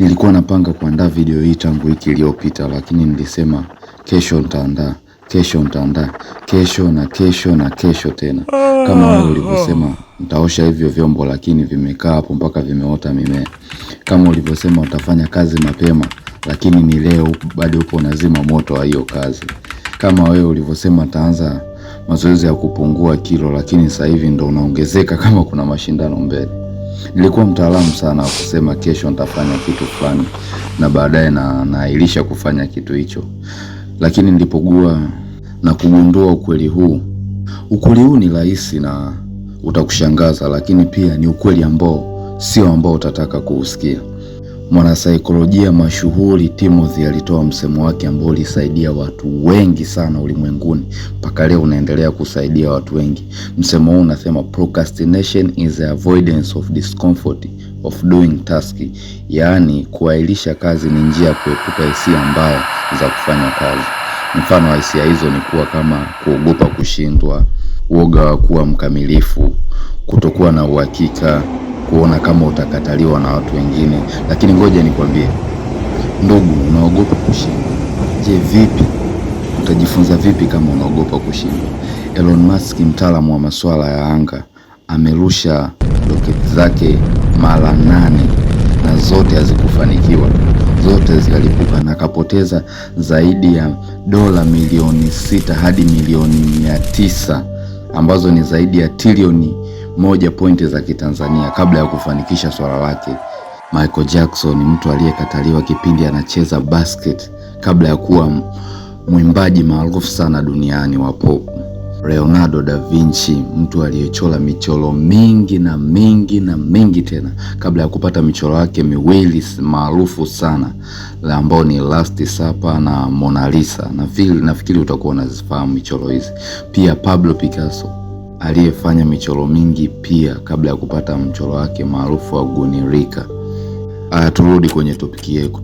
Nilikuwa napanga kuandaa video hii tangu wiki iliyopita, lakini nilisema kesho nitaandaa, kesho nitaandaa, kesho na kesho na kesho tena. Kama wewe ulivyosema nitaosha hivyo vyombo, lakini vimekaa hapo mpaka vimeota mimea. Kama ulivyosema utafanya kazi mapema, lakini ni leo bado upo unazima moto wa hiyo kazi. Kama wewe ulivyosema taanza mazoezi ya kupungua kilo, lakini sasa hivi ndo unaongezeka kama kuna mashindano mbele. Nilikuwa mtaalamu sana wa kusema kesho nitafanya kitu fulani na baadaye na naahirisha kufanya kitu hicho, lakini nilipogua na kugundua ukweli huu, ukweli huu ni rahisi na utakushangaza, lakini pia ni ukweli ambao sio ambao utataka kuusikia. Mwanasaikolojia mashuhuri Timothy alitoa msemo wake ambao ulisaidia watu wengi sana ulimwenguni, mpaka leo unaendelea kusaidia watu wengi. Msemo huu unasema procrastination is the avoidance of discomfort of doing task, yaani kuahirisha kazi ni njia ya kuepuka hisia mbaya za kufanya kazi. Mfano wa hisia hizo ni kuwa kama kuogopa kushindwa, uoga wa kuwa mkamilifu, kutokuwa na uhakika kuona kama utakataliwa na watu wengine, lakini ngoja nikwambie ndugu, unaogopa kushindwa. Je, vipi utajifunza vipi kama unaogopa kushindwa? Elon Musk, mtaalamu wa masuala ya anga, amerusha roketi zake mara nane na zote hazikufanikiwa, zote zikalipuka na akapoteza zaidi ya dola milioni sita hadi milioni mia tisa ambazo ni zaidi ya trilioni moja pointi za Kitanzania kabla ya kufanikisha swala lake. Michael Jackson, mtu aliyekataliwa kipindi anacheza basket kabla ya kuwa mwimbaji maarufu sana duniani wa pop. Leonardo da Vinci, mtu aliyechora michoro mingi na mingi na mingi tena kabla ya kupata michoro yake miwili maarufu sana ambayo ni Last sapa na monalisa Lisa. na utakuwa unazifahamu michoro hizi. Pia Pablo Picasso aliyefanya michoro mingi pia kabla ya kupata mchoro wake maarufu wa Guernica. Turudi kwenye topiki yetu.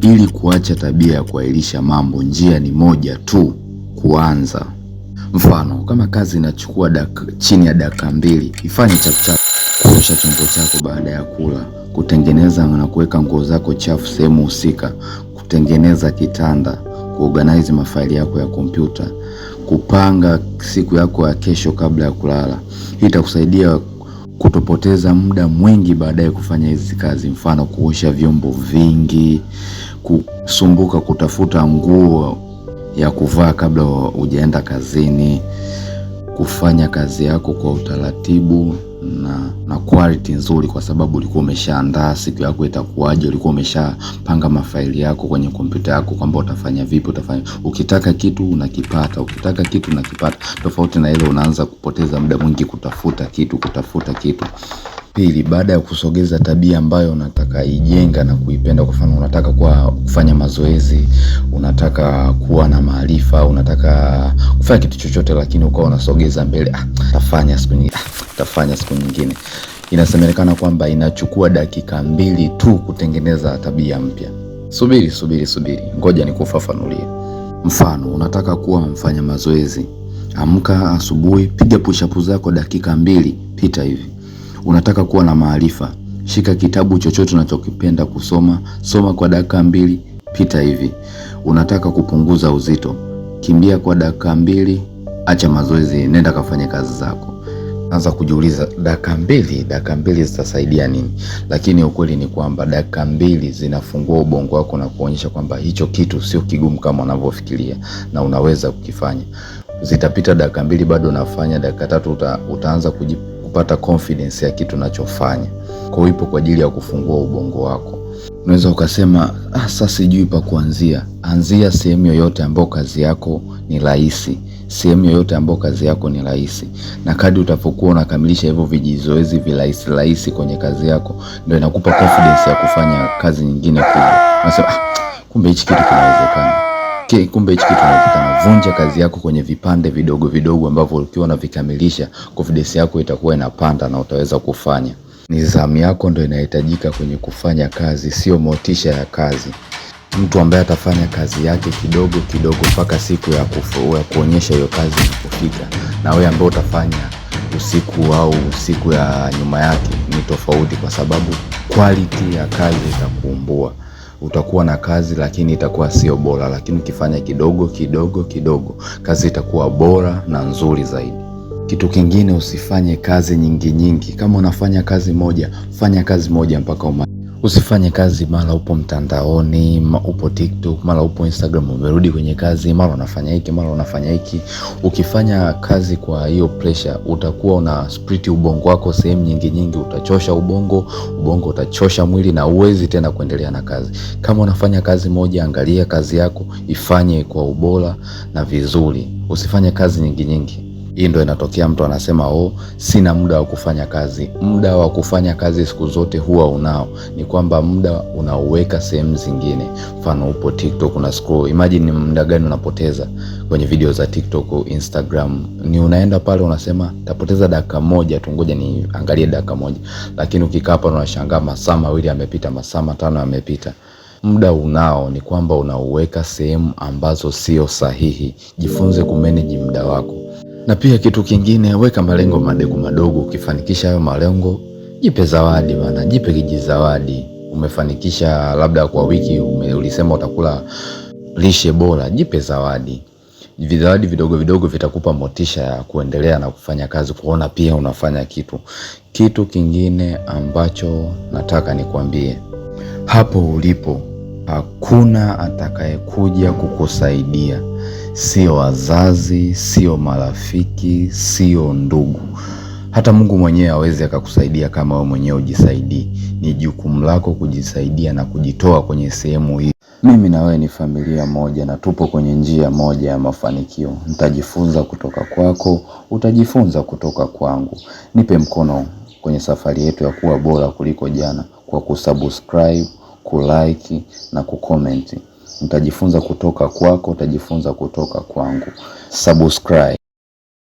Ili kuacha tabia ya kuahirisha mambo, njia ni moja tu, kuanza. Mfano, kama kazi inachukua chini ya dakika mbili, ifanye chapchap: kuosha chombo chako baada ya kula, kutengeneza na kuweka nguo zako chafu sehemu husika, kutengeneza kitanda, kuorganize mafaili yako ya kompyuta kupanga siku yako ya kesho kabla ya kulala. Hii itakusaidia kutopoteza muda mwingi baadaye kufanya hizi kazi, mfano kuosha vyombo vingi, kusumbuka kutafuta nguo ya kuvaa kabla hujaenda kazini, kufanya kazi yako kwa utaratibu na, na quality nzuri, kwa sababu ulikuwa umeshaandaa siku yako itakuwaje, ulikuwa umeshapanga mafaili yako kwenye kompyuta yako kwamba utafanya vipi, utafanya ukitaka kitu unakipata, ukitaka kitu unakipata, tofauti na ile unaanza kupoteza muda mwingi kutafuta kitu kutafuta kitu. Pili, baada ya kusogeza tabia ambayo unataka ijenga na kuipenda, kwa mfano unataka kwa kufanya mazoezi, unataka kuwa na maarifa, unataka kufanya kitu chochote, lakini ukawa unasogeza mbele, ah, tafanya siku nyingine, ah, tafanya siku nyingine. Inasemekana kwamba inachukua dakika mbili tu kutengeneza tabia mpya. Subiri, subiri, subiri, ngoja nikufafanulie. Mfano, unataka kuwa mfanya mazoezi, amka asubuhi, piga pushapu zako dakika mbili, pita hivi Unataka kuwa na maarifa? Shika kitabu chochote unachokipenda kusoma, soma kwa dakika mbili, pita hivi. Unataka kupunguza uzito? Kimbia kwa dakika mbili, acha mazoezi, nenda kafanye kazi zako. Anza kujiuliza dakika mbili, dakika mbili zitasaidia nini? Lakini ukweli ni kwamba dakika mbili zinafungua ubongo wako na kuonyesha kwamba hicho kitu sio kigumu kama unavyofikiria na unaweza kukifanya. Zitapita dakika mbili, bado unafanya. Dakika tatu uta, utaanza kujipa kupata confidence ya kitu unachofanya. Kwa hiyo ipo kwa ajili ya kufungua ubongo wako. Unaweza ukasema ah, sasa sijui pa kuanzia. Anzia sehemu yoyote ambayo kazi yako ni rahisi, sehemu yoyote ambayo kazi yako ni rahisi, na kadri utapokuwa unakamilisha hivyo vijizoezi virahisi rahisi kwenye kazi yako, ndio inakupa confidence ya kufanya kazi nyingine kubwa. Unasema ah, kumbe hichi kitu kinawezekana. Je, kumbe hichi kitu kinavunja kazi yako kwenye vipande vidogo vidogo ambavyo ukiwa unavikamilisha confidence yako itakuwa inapanda na utaweza kufanya. Nidhamu yako ndio inahitajika kwenye kufanya kazi, sio motisha ya kazi. Mtu ambaye atafanya kazi yake kidogo kidogo mpaka siku ya kufu, ya kuonyesha hiyo kazi inapofika, na wewe ambaye utafanya usiku au siku ya nyuma yake ni tofauti, kwa sababu quality ya kazi itakuumbua utakuwa na kazi lakini itakuwa sio bora, lakini ukifanya kidogo kidogo kidogo, kazi itakuwa bora na nzuri zaidi. Kitu kingine, usifanye kazi nyingi nyingi. Kama unafanya kazi moja, fanya kazi moja mpaka uma Usifanye kazi mara upo mtandaoni, upo TikTok, mara upo Instagram, umerudi kwenye kazi, mara unafanya hiki, mara unafanya hiki. Ukifanya kazi kwa hiyo pressure, utakuwa una split ubongo wako sehemu nyingi nyingi, utachosha ubongo, ubongo utachosha mwili na uwezi tena kuendelea na kazi. Kama unafanya kazi moja, angalia kazi yako, ifanye kwa ubora na vizuri. Usifanye kazi nyingi nyingi. Hii ndo inatokea mtu anasema oh, sina muda wa kufanya kazi. Muda wa kufanya kazi siku zote huwa unao, ni kwamba muda unauweka sehemu zingine. Mfano upo TikTok una scroll, imagine ni muda gani unapoteza kwenye video za TikTok, Instagram. Ni unaenda pale unasema tapoteza dakika moja tu, ngoja niangalie dakika moja, lakini ukikaa pale unashangaa masaa mawili yamepita, masaa matano yamepita. Muda unao ni kwamba unauweka sehemu ambazo sio sahihi. Jifunze kumanage muda wako. Na pia kitu kingine, weka malengo madogo madogo. Ukifanikisha hayo malengo, jipe zawadi bana, jipe kijizawadi. Umefanikisha labda kwa wiki ume, ulisema utakula lishe bora, jipe zawadi. Vizawadi vidogo vidogo vitakupa motisha ya kuendelea na kufanya kazi, kuona pia unafanya kitu. Kitu kingine ambacho nataka nikwambie, hapo ulipo hakuna atakayekuja kukusaidia sio wazazi, sio marafiki, sio ndugu, hata Mungu mwenyewe awezi akakusaidia kama wewe mwenyewe ujisaidii. Ni jukumu lako kujisaidia na kujitoa kwenye sehemu hii. Mimi na wewe ni familia moja na tupo kwenye njia moja ya mafanikio. Nitajifunza kutoka kwako, utajifunza kutoka kwangu. Nipe mkono kwenye safari yetu ya kuwa bora kuliko jana kwa kusubscribe, kulike na kukomenti utajifunza kutoka kwako, utajifunza kutoka kwangu. Subscribe.